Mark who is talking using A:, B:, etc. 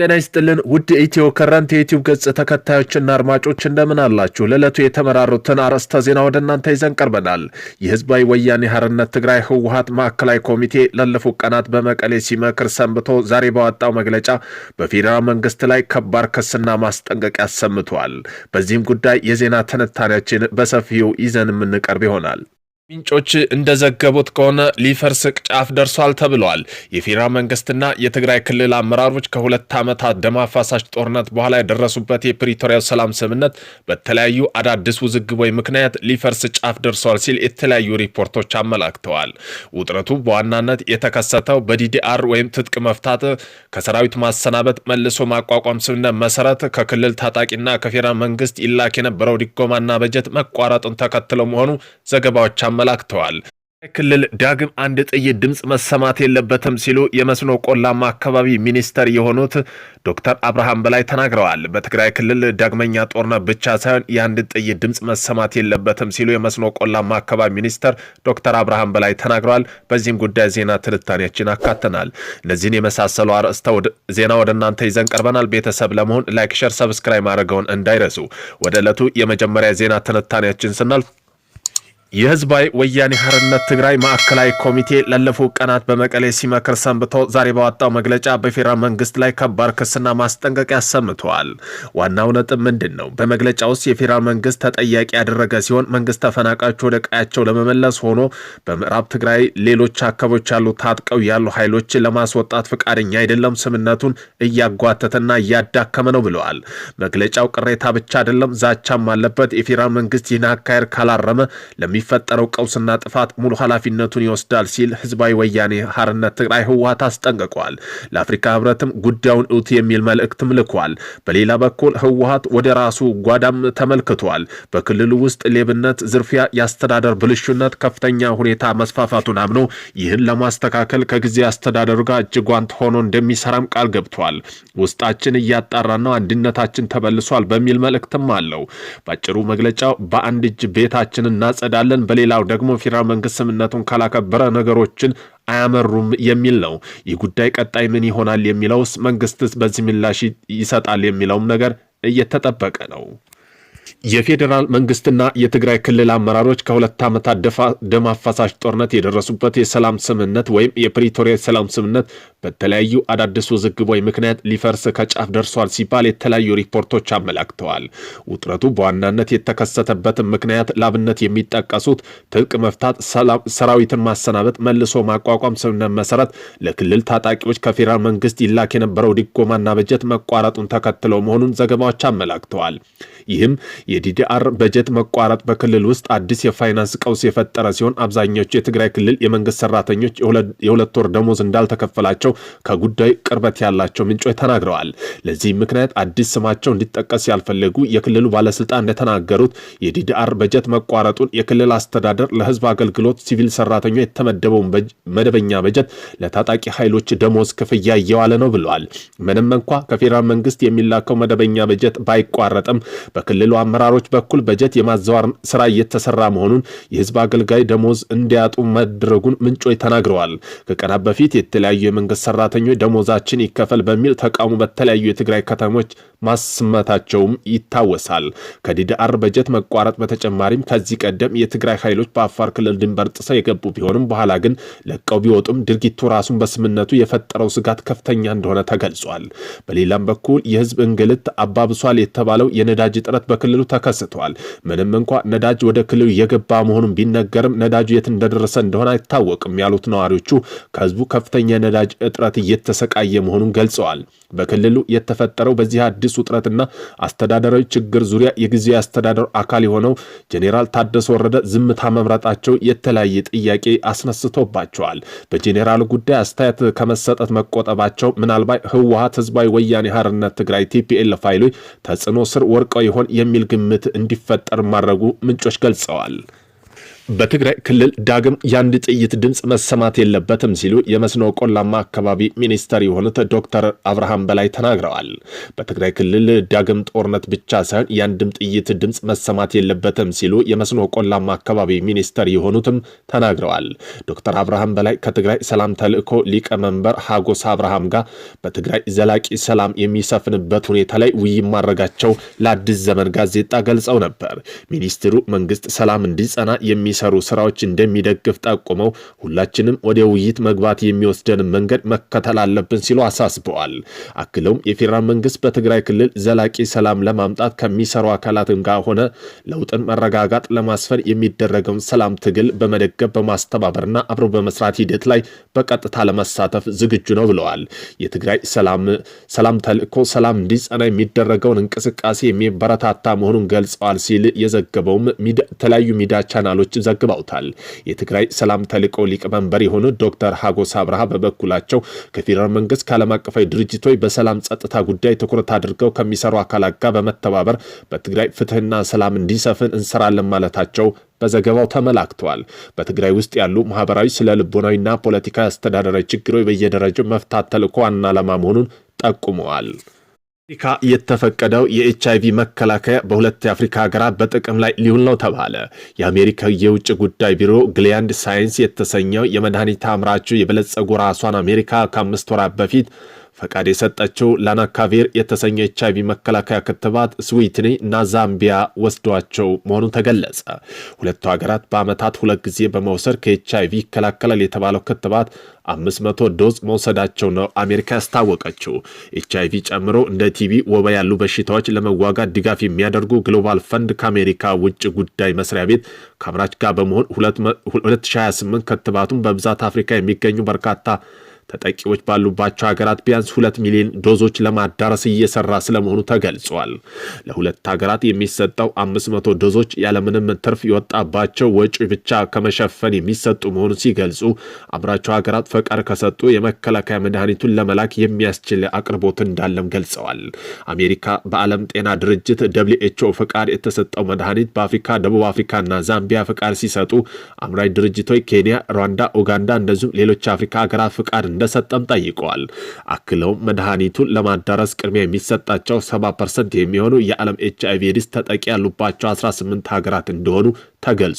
A: ጤና ይስጥልን ውድ ኢትዮ ከረንት የዩቲዩብ ገጽ ተከታዮችና አድማጮች እንደምን አላችሁ? ለዕለቱ የተመራሩትን አርዕስተ ዜና ወደ እናንተ ይዘን ቀርበናል። የህዝባዊ ወያኔ ሓርነት ትግራይ ህወሀት ማዕከላዊ ኮሚቴ ላለፉት ቀናት በመቀሌ ሲመክር ሰንብቶ ዛሬ ባወጣው መግለጫ በፌዴራል መንግስት ላይ ከባድ ክስና ማስጠንቀቂያ አሰምተዋል። በዚህም ጉዳይ የዜና ትንታኔያችን በሰፊው ይዘን የምንቀርብ ይሆናል። ምንጮች እንደዘገቡት ከሆነ ሊፈርስ ጫፍ ደርሷል ተብሏል። የፌዴራል መንግስትና የትግራይ ክልል አመራሮች ከሁለት ዓመታት ደም አፋሳሽ ጦርነት በኋላ የደረሱበት የፕሪቶሪያው ሰላም ስምምነት በተለያዩ አዳዲስ ውዝግቦች ምክንያት ሊፈርስ ጫፍ ደርሷል ሲል የተለያዩ ሪፖርቶች አመላክተዋል። ውጥረቱ በዋናነት የተከሰተው በዲዲአር ወይም ትጥቅ መፍታት፣ ከሰራዊት ማሰናበት፣ መልሶ ማቋቋም ስምምነት መሰረት ከክልል ታጣቂና ከፌዴራል መንግስት ይላክ የነበረው ድጎማና በጀት መቋረጡን ተከትለው መሆኑ ዘገባዎች አመላክተዋል። ክልል ዳግም አንድ ጥይት ድምፅ መሰማት የለበትም ሲሉ የመስኖ ቆላማ አካባቢ ሚኒስተር የሆኑት ዶክተር አብርሃም በላይ ተናግረዋል። በትግራይ ክልል ዳግመኛ ጦርነት ብቻ ሳይሆን የአንድ ጥይት ድምፅ መሰማት የለበትም ሲሉ የመስኖ ቆላማ አካባቢ ሚኒስተር ዶክተር አብርሃም በላይ ተናግረዋል። በዚህም ጉዳይ ዜና ትንታኔያችን አካተናል። እነዚህን የመሳሰሉ አርዕስተ ዜና ወደ እናንተ ይዘን ቀርበናል። ቤተሰብ ለመሆን ላይክ፣ ሸር፣ ሰብስክራይብ ማድረገውን እንዳይረሱ። ወደ ዕለቱ የመጀመሪያ ዜና ትንታኔያችን ስናልፍ የህዝባዊ ወያኔ ሓርነት ትግራይ ማዕከላዊ ኮሚቴ ላለፉት ቀናት በመቀሌ ሲመክር ሰንብቶ ዛሬ ባወጣው መግለጫ በፌዴራል መንግስት ላይ ከባድ ክስና ማስጠንቀቂያ አሰምተዋል። ዋናው ነጥብ ምንድን ነው? በመግለጫ ውስጥ የፌዴራል መንግስት ተጠያቂ ያደረገ ሲሆን መንግስት ተፈናቃዮች ወደ ቀያቸው ለመመለስ ሆኖ በምዕራብ ትግራይ ሌሎች አካባቢዎች ያሉ ታጥቀው ያሉ ኃይሎችን ለማስወጣት ፈቃደኛ አይደለም፣ ስምነቱን እያጓተተና እያዳከመ ነው ብለዋል። መግለጫው ቅሬታ ብቻ አይደለም፣ ዛቻም አለበት። የፌዴራል መንግስት ይህን አካሄድ ካላረመ ለሚ ለሚፈጠረው ቀውስና ጥፋት ሙሉ ኃላፊነቱን ይወስዳል ሲል ህዝባዊ ወያኔ ሀርነት ትግራይ ህወሀት አስጠንቅቋል። ለአፍሪካ ህብረትም ጉዳዩን እውት የሚል መልእክትም ልኳል። በሌላ በኩል ህወሀት ወደ ራሱ ጓዳም ተመልክቷል። በክልሉ ውስጥ ሌብነት፣ ዝርፊያ፣ የአስተዳደር ብልሹነት ከፍተኛ ሁኔታ መስፋፋቱን አምኖ ይህን ለማስተካከል ከጊዜ አስተዳደሩ ጋር እጅጓንት ሆኖ እንደሚሰራም ቃል ገብቷል። ውስጣችን ነው፣ አንድነታችን ተበልሷል በሚል መልእክትም አለው። በአጭሩ መግለጫው በአንድ እጅ ቤታችን እናጸዳለን እንችላለን። በሌላው ደግሞ ፌዴራል መንግስት ስምምነቱን ካላከበረ ነገሮችን አያመሩም የሚል ነው። ይህ ጉዳይ ቀጣይ ምን ይሆናል የሚለውስ መንግስትስ በዚህ ምላሽ ይሰጣል የሚለውም ነገር እየተጠበቀ ነው። የፌዴራል መንግስትና የትግራይ ክልል አመራሮች ከሁለት ዓመታት ደም አፋሳሽ ጦርነት የደረሱበት የሰላም ስምምነት ወይም የፕሪቶሪያ የሰላም ስምምነት በተለያዩ አዳዲስ ውዝግቦች ምክንያት ሊፈርስ ከጫፍ ደርሷል ሲባል የተለያዩ ሪፖርቶች አመላክተዋል። ውጥረቱ በዋናነት የተከሰተበትን ምክንያት ላብነት የሚጠቀሱት ትጥቅ መፍታት፣ ሰራዊትን ማሰናበት፣ መልሶ ማቋቋም ስምምነት መሰረት ለክልል ታጣቂዎች ከፌዴራል መንግስት ይላክ የነበረው ድጎማና በጀት መቋረጡን ተከትሎ መሆኑን ዘገባዎች አመላክተዋል። ይህም የዲዲአር በጀት መቋረጥ በክልል ውስጥ አዲስ የፋይናንስ ቀውስ የፈጠረ ሲሆን አብዛኞቹ የትግራይ ክልል የመንግስት ሰራተኞች የሁለት ወር ደሞዝ እንዳልተከፈላቸው ከጉዳዩ ቅርበት ያላቸው ምንጮች ተናግረዋል። ለዚህ ምክንያት አዲስ ስማቸው እንዲጠቀስ ያልፈለጉ የክልሉ ባለስልጣን እንደተናገሩት የዲዲአር በጀት መቋረጡን የክልል አስተዳደር ለህዝብ አገልግሎት ሲቪል ሰራተኞች የተመደበውን መደበኛ በጀት ለታጣቂ ኃይሎች ደሞዝ ክፍያ እየዋለ ነው ብለዋል። ምንም እንኳ ከፌዴራል መንግስት የሚላከው መደበኛ በጀት ባይቋረጥም በክልሉ አመራ አመራሮች በኩል በጀት የማዘዋር ስራ እየተሰራ መሆኑን የህዝብ አገልጋይ ደሞዝ እንዲያጡ መድረጉን ምንጮች ተናግረዋል። ከቀናት በፊት የተለያዩ የመንግስት ሰራተኞች ደሞዛችን ይከፈል በሚል ተቃውሞ በተለያዩ የትግራይ ከተሞች ማስመታቸውም ይታወሳል። ከዲዲአር በጀት መቋረጥ በተጨማሪም ከዚህ ቀደም የትግራይ ኃይሎች በአፋር ክልል ድንበር ጥሰው የገቡ ቢሆንም በኋላ ግን ለቀው ቢወጡም ድርጊቱ ራሱን በስምነቱ የፈጠረው ስጋት ከፍተኛ እንደሆነ ተገልጿል። በሌላም በኩል የህዝብ እንግልት አባብሷል የተባለው የነዳጅ እጥረት በክልሉ ተከስተዋል። ምንም እንኳ ነዳጅ ወደ ክልሉ የገባ መሆኑን ቢነገርም ነዳጁ የት እንደደረሰ እንደሆነ አይታወቅም ያሉት ነዋሪዎቹ ከህዝቡ ከፍተኛ የነዳጅ እጥረት እየተሰቃየ መሆኑን ገልጸዋል። በክልሉ የተፈጠረው በዚህ አዲስ ውጥረትና አስተዳደራዊ ችግር ዙሪያ የጊዜያዊ አስተዳደር አካል የሆነው ጄኔራል ታደሰ ወረደ ዝምታ መምረጣቸው የተለያየ ጥያቄ አስነስቶባቸዋል። በጄኔራሉ ጉዳይ አስተያየት ከመሰጠት መቆጠባቸው ምናልባት ህወሀት ህዝባዊ ወያኔ ሀርነት ትግራይ ቲፒኤል ፋይሎች ተጽዕኖ ስር ወርቀው ይሆን የሚል ግምት እንዲፈጠር ማድረጉ ምንጮች ገልጸዋል። በትግራይ ክልል ዳግም የአንድ ጥይት ድምፅ መሰማት የለበትም ሲሉ የመስኖ ቆላማ አካባቢ ሚኒስተር የሆኑት ዶክተር አብርሃም በላይ ተናግረዋል። በትግራይ ክልል ዳግም ጦርነት ብቻ ሳይሆን የአንድም ጥይት ድምፅ መሰማት የለበትም ሲሉ የመስኖ ቆላማ አካባቢ ሚኒስተር የሆኑትም ተናግረዋል። ዶክተር አብርሃም በላይ ከትግራይ ሰላም ተልዕኮ ሊቀመንበር ሀጎስ አብርሃም ጋር በትግራይ ዘላቂ ሰላም የሚሰፍንበት ሁኔታ ላይ ውይይት ማድረጋቸው ለአዲስ ዘመን ጋዜጣ ገልጸው ነበር። ሚኒስትሩ መንግስት ሰላም እንዲጸና የሚ የሚሰሩ ስራዎች እንደሚደግፍ ጠቁመው ሁላችንም ወደ ውይይት መግባት የሚወስደን መንገድ መከተል አለብን ሲሉ አሳስበዋል። አክለውም የፌዴራል መንግስት በትግራይ ክልል ዘላቂ ሰላም ለማምጣት ከሚሰሩ አካላትን ጋር ሆነ ለውጥን መረጋጋት ለማስፈን የሚደረገውን ሰላም ትግል በመደገፍ በማስተባበርና አብሮ በመስራት ሂደት ላይ በቀጥታ ለመሳተፍ ዝግጁ ነው ብለዋል። የትግራይ ሰላም ተልእኮ ሰላም እንዲጸና የሚደረገውን እንቅስቃሴ የሚበረታታ መሆኑን ገልጸዋል ሲል የዘገበውም የተለያዩ ሚዲያ ቻናሎች ዘግበውታል። የትግራይ ሰላም ተልዕኮ ሊቀመንበር የሆኑት ዶክተር ሀጎስ አብርሃ በበኩላቸው ከፌዴራል መንግስት ከዓለም አቀፋዊ ድርጅቶች በሰላም ጸጥታ ጉዳይ ትኩረት አድርገው ከሚሰሩ አካላት ጋር በመተባበር በትግራይ ፍትህና ሰላም እንዲሰፍን እንሰራለን ማለታቸው በዘገባው ተመላክተዋል። በትግራይ ውስጥ ያሉ ማህበራዊ፣ ስነ ልቦናዊና ፖለቲካዊ አስተዳደራዊ ችግሮች በየደረጃው መፍታት ተልዕኮ ዋና ዓላማ መሆኑን ጠቁመዋል። አፍሪካ የተፈቀደው የኤችአይቪ መከላከያ በሁለት የአፍሪካ ሀገራት በጥቅም ላይ ሊውል ነው ተባለ። የአሜሪካ የውጭ ጉዳይ ቢሮ ግሊያንድ ሳይንስ የተሰኘው የመድኃኒት አምራቹ የበለጸጉ ራሷን አሜሪካ ከአምስት ወራት በፊት ፈቃድ የሰጠችው ላናካቬር የተሰኘ ኤች አይቪ መከላከያ ክትባት ስዊትኒ እና ዛምቢያ ወስዷቸው መሆኑ ተገለጸ። ሁለቱ ሀገራት በዓመታት ሁለት ጊዜ በመውሰድ ከኤች አይቪ ይከላከላል የተባለው ክትባት 500 ዶዝ መውሰዳቸው ነው አሜሪካ ያስታወቀችው። ኤች አይቪ ጨምሮ እንደ ቲቪ ወባ ያሉ በሽታዎች ለመዋጋት ድጋፍ የሚያደርጉ ግሎባል ፈንድ ከአሜሪካ ውጭ ጉዳይ መስሪያ ቤት ከአምራች ጋር በመሆን 2028 ክትባቱን በብዛት አፍሪካ የሚገኙ በርካታ ተጠቂዎች ባሉባቸው ሀገራት ቢያንስ ሁለት ሚሊዮን ዶዞች ለማዳረስ እየሰራ ስለመሆኑ ተገልጿል። ለሁለት ሀገራት የሚሰጠው አምስት መቶ ዶዞች ያለምንም ትርፍ የወጣባቸው ወጪ ብቻ ከመሸፈን የሚሰጡ መሆኑ ሲገልጹ አምራቸው ሀገራት ፈቃድ ከሰጡ የመከላከያ መድኃኒቱን ለመላክ የሚያስችል አቅርቦት እንዳለም ገልጸዋል። አሜሪካ በዓለም ጤና ድርጅት ደብሊው ኤች ኦ ፈቃድ የተሰጠው መድኃኒት በአፍሪካ ደቡብ አፍሪካና ዛምቢያ ፈቃድ ሲሰጡ አምራች ድርጅቶች ኬንያ፣ ሩዋንዳ፣ ኡጋንዳ እንደዚሁም ሌሎች አፍሪካ ሀገራት ፈቃድ እንደሰጠም ጠይቀዋል። አክለውም መድኃኒቱን ለማዳረስ ቅድሚያ የሚሰጣቸው 70 ፐርሰንት የሚሆኑ የዓለም ኤች አይቪ ኤድስ ተጠቂ ያሉባቸው 18 ሀገራት እንደሆኑ ተገልጿል።